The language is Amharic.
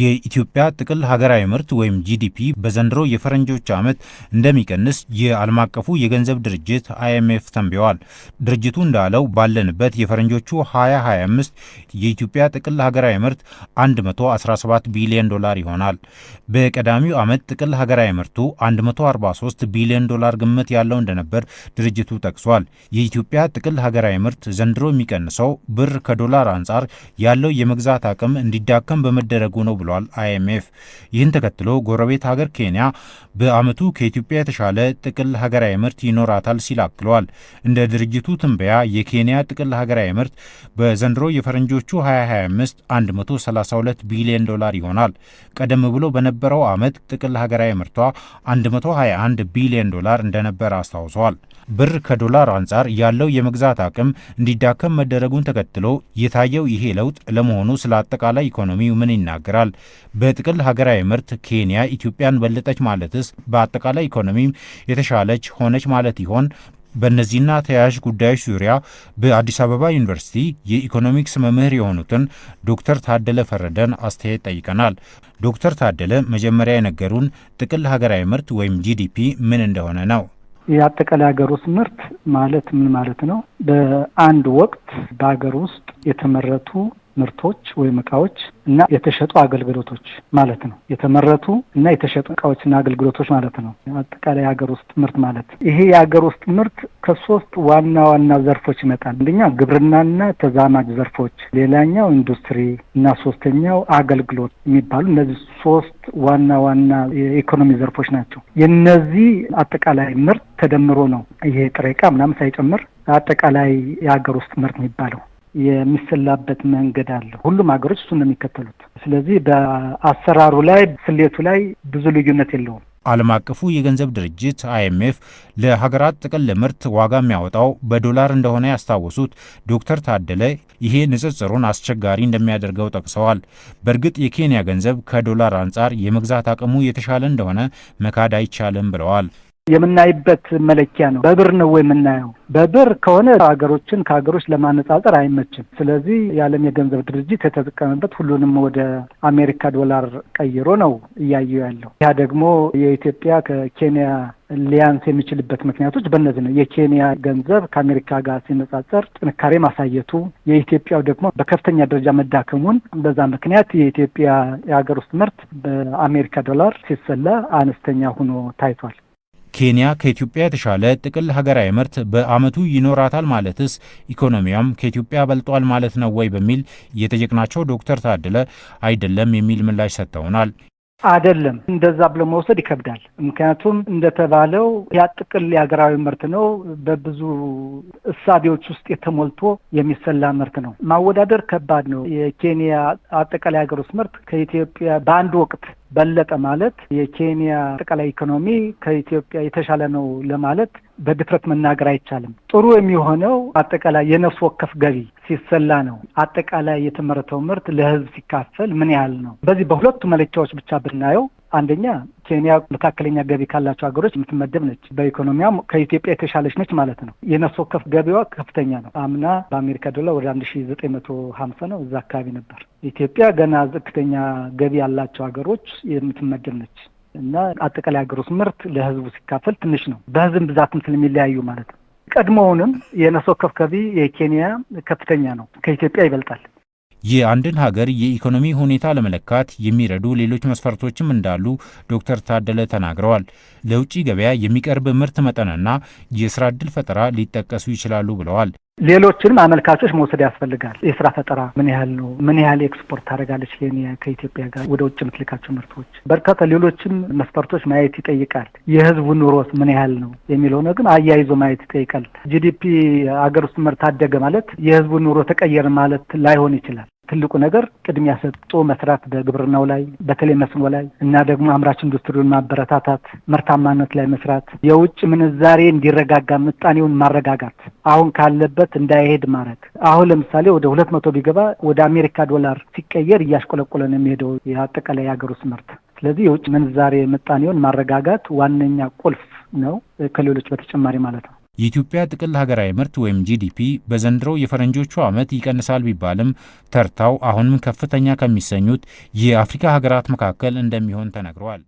የኢትዮጵያ ጥቅል ሀገራዊ ምርት ወይም ጂዲፒ በዘንድሮ የፈረንጆች ዓመት እንደሚቀንስ የዓለም አቀፉ የገንዘብ ድርጅት አይኤምኤፍ ተንብየዋል። ድርጅቱ እንዳለው ባለንበት የፈረንጆቹ 2025 የኢትዮጵያ ጥቅል ሀገራዊ ምርት 117 ቢሊዮን ዶላር ይሆናል። በቀዳሚው ዓመት ጥቅል ሀገራዊ ምርቱ 143 ቢሊዮን ዶላር ግምት ያለው እንደነበር ድርጅቱ ጠቅሷል። የኢትዮጵያ ጥቅል ሀገራዊ ምርት ዘንድሮ የሚቀንሰው ብር ከዶላር አንጻር ያለው የመግዛት አቅም እንዲዳከም በመደረጉ ነው ብሏል አይኤምኤፍ። ይህን ተከትሎ ጎረቤት ሀገር ኬንያ በዓመቱ ከኢትዮጵያ የተሻለ ጥቅል ሀገራዊ ምርት ይኖራታል ሲል አክለዋል። እንደ ድርጅቱ ትንበያ የኬንያ ጥቅል ሀገራዊ ምርት በዘንድሮ የፈረንጆቹ 2025 132 ቢሊዮን ዶላር ይሆናል። ቀደም ብሎ በነበረው ዓመት ጥቅል ሀገራዊ ምርቷ 121 ቢሊዮን ዶላር እንደነበረ አስታውሰዋል። ብር ከዶላር አንጻር ያለው የመግዛት አቅም እንዲዳከም መደረጉን ተከትሎ የታየው ይሄ ለውጥ ለመሆኑ ስለ አጠቃላይ ኢኮኖሚው ምን ይናገራል? ተናግረዋል። በጥቅል ሀገራዊ ምርት ኬንያ ኢትዮጵያን በለጠች ማለትስ በአጠቃላይ ኢኮኖሚም የተሻለች ሆነች ማለት ይሆን? በእነዚህና ተያያዥ ጉዳዮች ዙሪያ በአዲስ አበባ ዩኒቨርሲቲ የኢኮኖሚክስ መምህር የሆኑትን ዶክተር ታደለ ፈረደን አስተያየት ጠይቀናል። ዶክተር ታደለ መጀመሪያ የነገሩን ጥቅል ሀገራዊ ምርት ወይም ጂዲፒ ምን እንደሆነ ነው። የአጠቃላይ ሀገር ውስጥ ምርት ማለት ምን ማለት ነው? በአንድ ወቅት በሀገር ውስጥ የተመረቱ ምርቶች ወይም እቃዎች እና የተሸጡ አገልግሎቶች ማለት ነው። የተመረቱ እና የተሸጡ እቃዎችና አገልግሎቶች ማለት ነው። አጠቃላይ የሀገር ውስጥ ምርት ማለት ይሄ የሀገር ውስጥ ምርት ከሶስት ዋና ዋና ዘርፎች ይመጣል። አንደኛው ግብርናና ተዛማጅ ዘርፎች፣ ሌላኛው ኢንዱስትሪ እና ሶስተኛው አገልግሎት የሚባሉ እነዚህ ሶስት ዋና ዋና የኢኮኖሚ ዘርፎች ናቸው። የነዚህ አጠቃላይ ምርት ተደምሮ ነው ይሄ ጥሬ ዕቃ ምናምን ሳይጨምር አጠቃላይ የሀገር ውስጥ ምርት የሚባለው የሚሰላበት መንገድ አለ። ሁሉም ሀገሮች እሱን ነው የሚከተሉት። ስለዚህ በአሰራሩ ላይ ስሌቱ ላይ ብዙ ልዩነት የለውም። ዓለም አቀፉ የገንዘብ ድርጅት አይኤምኤፍ ለሀገራት ጥቅል ምርት ዋጋ የሚያወጣው በዶላር እንደሆነ ያስታወሱት ዶክተር ታደለ ይሄ ንጽጽሩን አስቸጋሪ እንደሚያደርገው ጠቅሰዋል። በእርግጥ የኬንያ ገንዘብ ከዶላር አንጻር የመግዛት አቅሙ የተሻለ እንደሆነ መካድ አይቻልም ብለዋል። የምናይበት መለኪያ ነው። በብር ነው የምናየው። በብር ከሆነ ሀገሮችን ከሀገሮች ለማነጻጸር አይመችም። ስለዚህ የዓለም የገንዘብ ድርጅት የተጠቀመበት ሁሉንም ወደ አሜሪካ ዶላር ቀይሮ ነው እያየው ያለው። ያ ደግሞ የኢትዮጵያ ከኬንያ ሊያንስ የሚችልበት ምክንያቶች በእነዚህ ነው። የኬንያ ገንዘብ ከአሜሪካ ጋር ሲነጻጸር ጥንካሬ ማሳየቱ፣ የኢትዮጵያው ደግሞ በከፍተኛ ደረጃ መዳከሙን፣ በዛ ምክንያት የኢትዮጵያ የሀገር ውስጥ ምርት በአሜሪካ ዶላር ሲሰላ አነስተኛ ሆኖ ታይቷል። ኬንያ ከኢትዮጵያ የተሻለ ጥቅል ሀገራዊ ምርት በአመቱ ይኖራታል ማለትስ ኢኮኖሚያም ከኢትዮጵያ በልጧል ማለት ነው ወይ በሚል እየጠየቅናቸው ዶክተር ታደለ አይደለም የሚል ምላሽ ሰጥተውናል። አይደለም እንደዛ ብሎ መውሰድ ይከብዳል። ምክንያቱም እንደተባለው ያ ጥቅል የሀገራዊ ምርት ነው። በብዙ እሳቤዎች ውስጥ የተሞልቶ የሚሰላ ምርት ነው። ማወዳደር ከባድ ነው። የኬንያ አጠቃላይ ሀገር ውስጥ ምርት ከኢትዮጵያ በአንድ ወቅት በለጠ ማለት የኬንያ አጠቃላይ ኢኮኖሚ ከኢትዮጵያ የተሻለ ነው ለማለት በድፍረት መናገር አይቻልም። ጥሩ የሚሆነው አጠቃላይ የነፍስ ወከፍ ገቢ ሲሰላ ነው። አጠቃላይ የተመረተው ምርት ለሕዝብ ሲካፈል ምን ያህል ነው? በዚህ በሁለቱ መለኪያዎች ብቻ ብናየው አንደኛ ኬንያ መካከለኛ ገቢ ካላቸው ሀገሮች የምትመደብ ነች። በኢኮኖሚያም ከኢትዮጵያ የተሻለች ነች ማለት ነው። የነፍስ ወከፍ ገቢዋ ከፍተኛ ነው። አምና በአሜሪካ ዶላር ወደ አንድ ሺ ዘጠኝ መቶ ሀምሳ ነው እዛ አካባቢ ነበር። ኢትዮጵያ ገና ዝቅተኛ ገቢ ያላቸው ሀገሮች የምትመደብ ነች እና አጠቃላይ ሀገሮች ምርት ለህዝቡ ሲካፈል ትንሽ ነው። በህዝብ ብዛትም ስለሚለያዩ ማለት ነው። ቀድሞውንም የነፍስ ወከፍ ገቢ የኬንያ ከፍተኛ ነው፣ ከኢትዮጵያ ይበልጣል። የአንድን ሀገር የኢኮኖሚ ሁኔታ ለመለካት የሚረዱ ሌሎች መስፈርቶችም እንዳሉ ዶክተር ታደለ ተናግረዋል። ለውጭ ገበያ የሚቀርብ ምርት መጠንና የስራ ዕድል ፈጠራ ሊጠቀሱ ይችላሉ ብለዋል። ሌሎችንም አመልካቾች መውሰድ ያስፈልጋል። የስራ ፈጠራ ምን ያህል ነው? ምን ያህል ኤክስፖርት ታደርጋለች ኬንያ ከኢትዮጵያ ጋር ወደ ውጭ የምትልካቸው ምርቶች? በርካታ ሌሎችም መስፈርቶች ማየት ይጠይቃል። የህዝቡ ኑሮስ ምን ያህል ነው የሚለው ነው ግን አያይዞ ማየት ይጠይቃል። ጂዲፒ አገር ውስጥ ምርት አደገ ማለት የህዝቡ ኑሮ ተቀየረ ማለት ላይሆን ይችላል። ትልቁ ነገር ቅድሚያ ሰጥቶ መስራት በግብርናው ላይ በተለይ መስኖ ላይ እና ደግሞ አምራች ኢንዱስትሪውን ማበረታታት፣ ምርታማነት ላይ መስራት፣ የውጭ ምንዛሬ እንዲረጋጋ ምጣኔውን ማረጋጋት፣ አሁን ካለበት እንዳይሄድ ማድረግ። አሁን ለምሳሌ ወደ ሁለት መቶ ቢገባ ወደ አሜሪካ ዶላር ሲቀየር እያሽቆለቆለ ነው የሚሄደው የአጠቃላይ የሀገር ውስጥ ምርት። ስለዚህ የውጭ ምንዛሬ ምጣኔውን ማረጋጋት ዋነኛ ቁልፍ ነው፣ ከሌሎች በተጨማሪ ማለት ነው። የኢትዮጵያ ጥቅል ሀገራዊ ምርት ወይም ጂዲፒ በዘንድሮ የፈረንጆቹ ዓመት ይቀንሳል ቢባልም ተርታው አሁንም ከፍተኛ ከሚሰኙት የአፍሪካ ሀገራት መካከል እንደሚሆን ተነግሯል።